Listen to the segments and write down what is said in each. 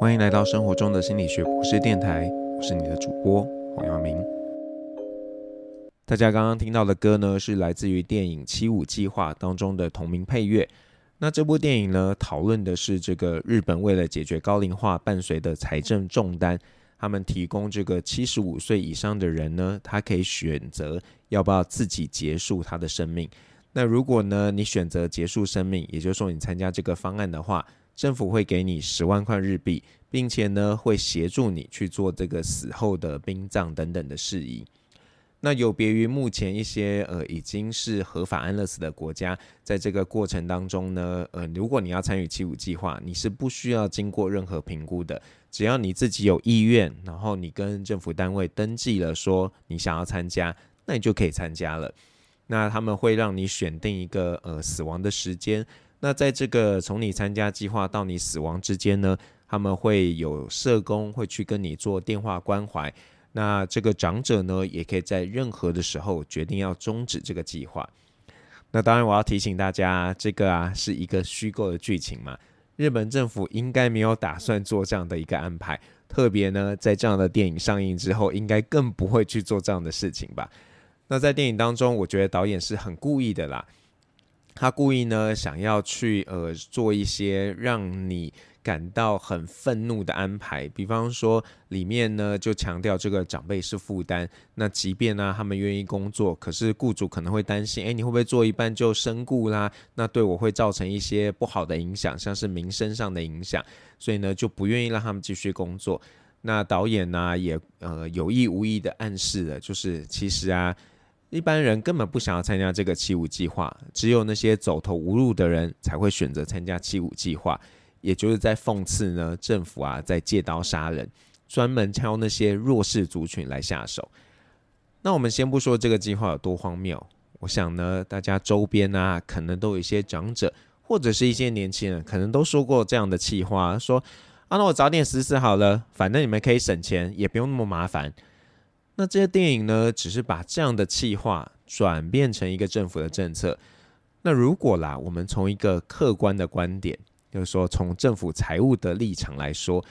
歡迎來到生活中的心理學博士電台，我是你的主播黃耀明。大家剛剛聽到的歌呢，是來自於電影《七五計劃》當中的同名配樂。那這部電影呢，討論的是這個日本為了解決高齡化伴隨的財政重擔，他們提供這個七十五歲以上的人呢，他可以選擇要不要自己結束他的生命。那如果呢，你選擇結束生命，也就是說你參加這個方案的話，政府會給你十萬塊日幣，並且呢會協助你去做這個死後的殯葬等等的事宜。那有別於目前一些呃已經是合法安樂死的國家，在這個過程當中呢，呃如果你要參與七五計劃，你是不需要經過任何評估的，只要你自己有意願，然後你跟政府單位登記了說你想要參加，那你就可以參加了。那他們會讓你選定一個呃死亡的時間，那在這個從你參加計劃到你死亡之間呢，他們會有社工會去跟你做電話關懷。那這個長者呢，也可以在任何的時候決定要終止這個計劃。那當然，我要提醒大家，這個啊是一個虛構的劇情嘛。日本政府應該沒有打算做這樣的一個安排，特別呢在這樣的電影上映之後，應該更不會去做這樣的事情吧。那在電影當中，我覺得導演是很故意的啦。他故意呢，想要去呃做一些讓你感到很憤怒的安排，比方說裡面呢就強調這個長輩是負擔。那即便呢他們願意工作，可是雇主可能會擔心，誒，你會不會做一半就身故啦？那對我會造成一些不好的影響，像是名聲上的影響，所以呢就不願意讓他們繼續工作。那導演呢也呃有意無意的暗示了，就是其實啊。一般人根本不想要參加這個七五計劃，只有那些走投無路的人才會選擇參加七五計劃，也就是在諷刺呢政府啊，在借刀殺人，專門挑那些弱勢族群來下手。那我們先不說這個計劃有多荒謬，我想呢，大家周邊啊，可能都有一些長者，或者是一些年輕人，可能都說過這樣的氣話，說啊，那我早點死死好了，反正你們可以省錢，也不用那麼麻煩。那這些電影呢，只是把這樣的計劃轉變成一個政府的政策。那如果啦，我們從一個客觀的觀點，就是說從政府財務的立場來說，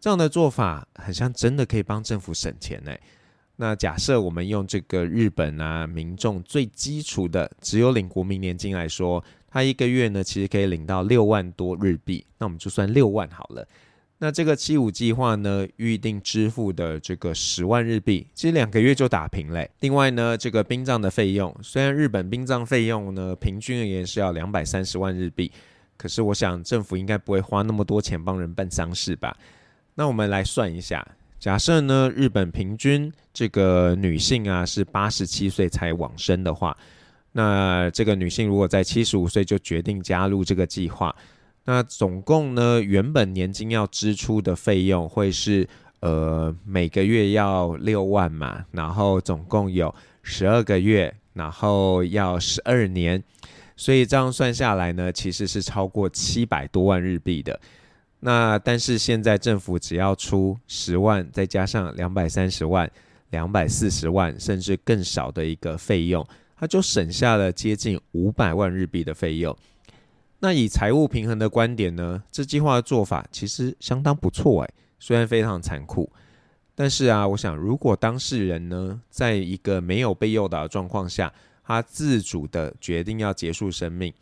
這樣的做法，很像真的可以幫政府省錢呢、欸。那假設我們用這個日本啊民眾最基礎的只有領國民年金來說，他一個月呢其實可以領到六萬多日幣，那我們就算六萬好了。那這個七五計劃呢，預定支付的這個十萬日幣，其實兩個月就打平嘞。另外呢，這個殯葬的費用，雖然日本殯葬費用呢平均而言是要兩百三十萬日幣，可是我想政府應該不會花那麼多錢幫人辦喪事吧？那我們來算一下，假設呢日本平均這個女性啊是八十七歲才往生的話，那這個女性如果在七十五歲就決定加入這個計劃。那總共呢，原本年金要支出的費用會是呃每個月要六萬嘛，然後總共有十二個月，然後要十二年，所以這樣算下來呢，其實是超過七百多萬日幣的。那但是現在政府只要出十萬，再加上兩百三十萬、兩百四十萬，甚至更少的一個費用，他就省下了接近五百萬日幣的費用。那以財務平衡的觀點呢，這計劃的做法其實相當不錯。欸，雖然非常殘酷，但是啊，我想如果當事人呢，在一個沒有被誘導的狀況下，他自主的決定要結束生命，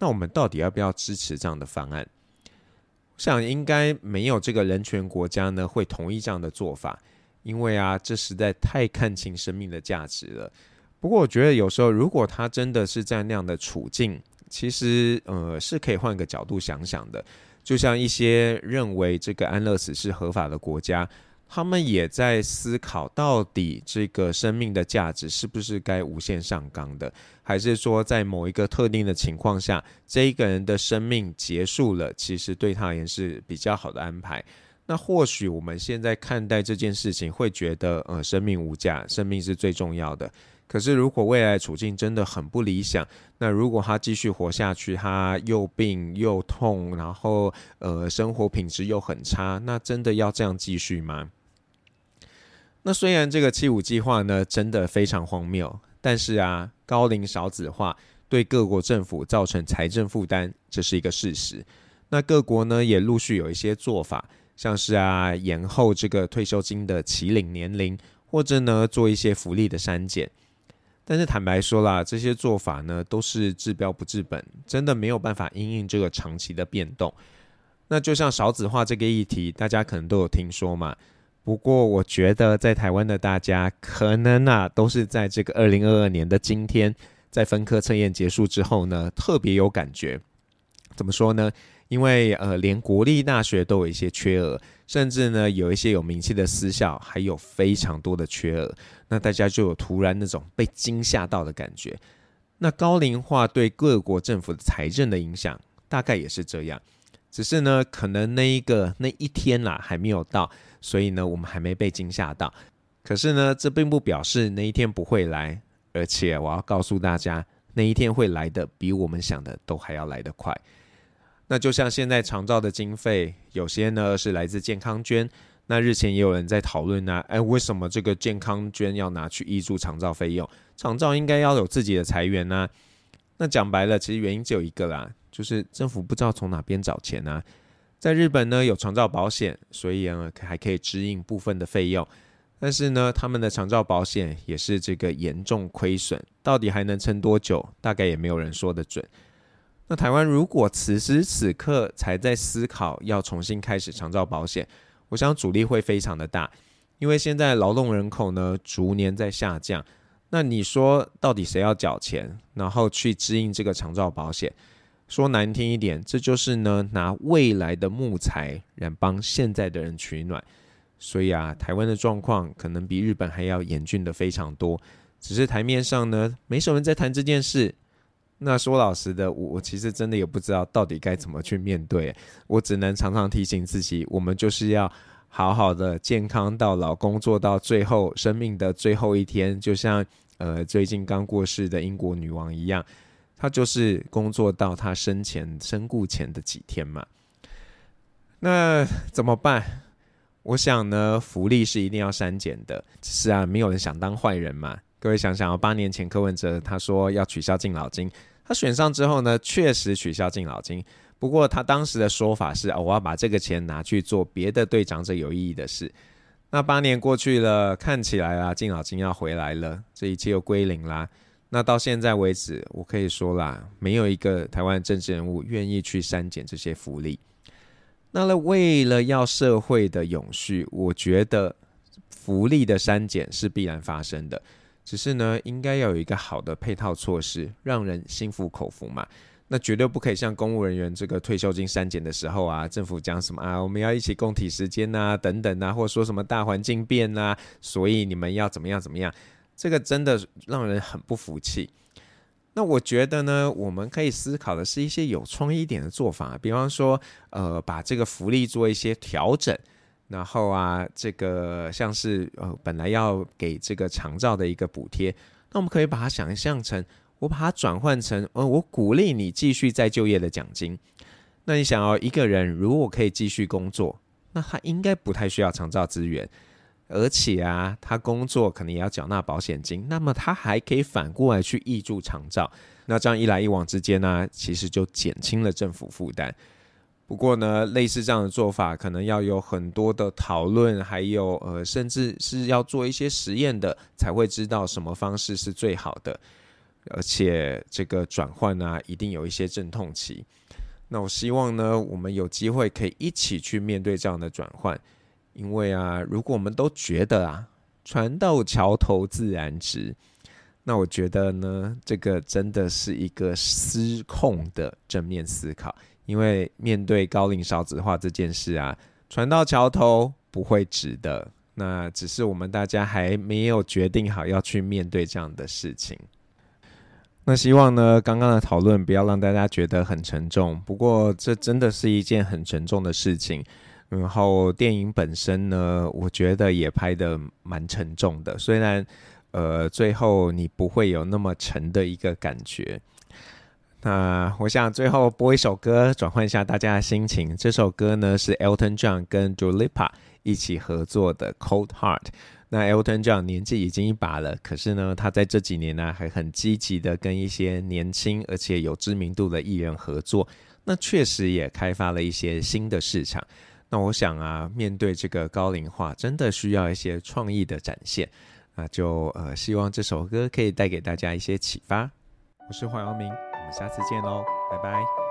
那我們到底要不要支持這樣的方案？我想應該沒有這個人權國家呢會同意這樣的做法，因為啊，這實在太看輕生命的價值了。不過我覺得有時候，如果他真的是在那樣的處境，其實，呃，是可以換個角度想想的。就像一些認為這個安樂死是合法的國家，他們也在思考，到底這個生命的價值是不是該無限上綱的，還是說在某一個特定的情況下，這一個人的生命結束了，其實對他而言是比較好的安排。那或許我們現在看待這件事情，會覺得，呃，生命無價，生命是最重要的。可是，如果未來處境真的很不理想，那如果他繼續活下去，他又病又痛，然後呃，生活品質又很差，那真的要這樣繼續嗎？那雖然這個七五計劃呢，真的非常荒謬，但是啊，高齡少子化對各國政府造成財政負擔，這是一個事實。那各國呢，也陸續有一些做法，像是啊，延後這個退休金的起領年齡，或者呢，做一些福利的刪減。但是坦白說啦，這些做法呢，都是治標不治本，真的沒有辦法因應這個長期的變動。那就像少子化這個議題，大家可能都有聽說嘛。不過我覺得在台灣的大家可能啊，都是在這個二零二二年的今天，在分科測驗結束之後呢，特別有感覺。怎麼說呢？因為呃，連國立大學都有一些缺額，甚至呢，有一些有名氣的私校還有非常多的缺額，那大家就有突然那種被驚嚇到的感覺。那高齡化對各國政府的財政的影響大概也是這樣，只是呢，可能那一個那一天啦還沒有到，所以呢，我們還沒被驚嚇到。可是呢，這並不表示那一天不會來，而且我要告訴大家，那一天會來的比我們想的都還要來得快。那就像現在長照的經費，有些呢是來自健康捐。那日前也有人在討論呢、啊，哎，為什麼這個健康捐要拿去挹注長照費用？長照應該要有自己的財源吶、啊。那講白了，其實原因只有一個啦，就是政府不知道從哪邊找錢吶、啊。在日本呢，有長照保險，所以呢還可以支應部分的費用。但是呢，他們的長照保險也是這個嚴重虧損，到底還能撐多久？大概也沒有人說得準。那台灣如果此時此刻才在思考要重新開始長照保險，我想阻力會非常的大，因為現在勞動人口呢逐年在下降。那你說到底誰要繳錢，然後去支應這個長照保險？說難聽一點，這就是呢拿未來的木材來幫現在的人取暖。所以啊，台灣的狀況可能比日本還要嚴峻的非常多。只是台面上呢沒什麼人在談這件事。那說老實的，我其實真的也不知道到底該怎麼去面對。我只能常常提醒自己，我們就是要好好的健康到老，工作到最後生命的最後一天，就像呃最近剛過世的英國女王一樣，她就是工作到她生前身故前的幾天嘛。那怎麼辦？我想呢，福利是一定要刪減的，只是啊，沒有人想當壞人嘛。各位想想哦，八年前柯文哲他說要取消敬老金。他選上之後呢，確實取消敬老金。不過他當時的說法是：哦，我要把這個錢拿去做別的對長者有意義的事。那八年過去了，看起來啊，敬老金要回來了，這一切又歸零啦。那到現在為止，我可以說啦，沒有一個台灣政治人物願意去刪減這些福利。那為了要社會的永續，我覺得福利的刪減是必然發生的。只是呢，應該要有一個好的配套措施，讓人心服口服嘛。那絕對不可以像公務人員這個退休金刪減的時候啊，政府講什麼啊，我們要一起共體時艱吶、啊，等等吶、啊，或者說什麼大環境變吶、啊，所以你們要怎麼樣怎麼樣，這個真的讓人很不服氣。那我覺得呢，我們可以思考的是一些有創意點的做法，啊，比方說，呃，把這個福利做一些調整。然後啊，這個像是呃，本來要給這個長照的一個補貼，那我們可以把它想象成，我把它轉換成，呃，我鼓勵你繼續再就業的獎金。那你想要、哦、一個人如果可以繼續工作，那他應該不太需要長照資源，而且啊，他工作可能也要繳納保險金，那麼他還可以反過來去挹注長照。那這樣一來一往之間呢、啊，其實就減輕了政府負擔。不過呢，類似這樣的做法，可能要有很多的討論，還有呃，甚至是要做一些實驗的，才會知道什麼方式是最好的。而且這個轉換啊，一定有一些陣痛期。那我希望呢，我們有機會可以一起去面對這樣的轉換。因為啊，如果我們都覺得啊“船到橋頭自然直”，那我覺得呢，這個真的是一個失控的正面思考。因為面對高齡少子化這件事啊，船到橋頭不會直的。那只是我們大家還沒有決定好要去面對這樣的事情。那希望呢，剛剛的討論不要讓大家覺得很沉重。不過這真的是一件很沉重的事情。然後電影本身呢，我覺得也拍得蠻沉重的。雖然呃，最後你不會有那麼沉的一個感覺。那我想最後播一首歌，轉換一下大家的心情。這首歌呢，是 Elton John 跟 Dua Lipa 一起合作的 Cold Heart。那 Elton John 年紀已經一把了，可是呢，他在這幾年呢、啊、還很積極的跟一些年輕而且有知名度的藝人合作。那確實也開發了一些新的市場。那我想啊，面對這個高齡化，真的需要一些創意的展現。那就呃，希望這首歌可以帶給大家一些啟發。我是黃陽明。下次見嘍、哦，拜拜。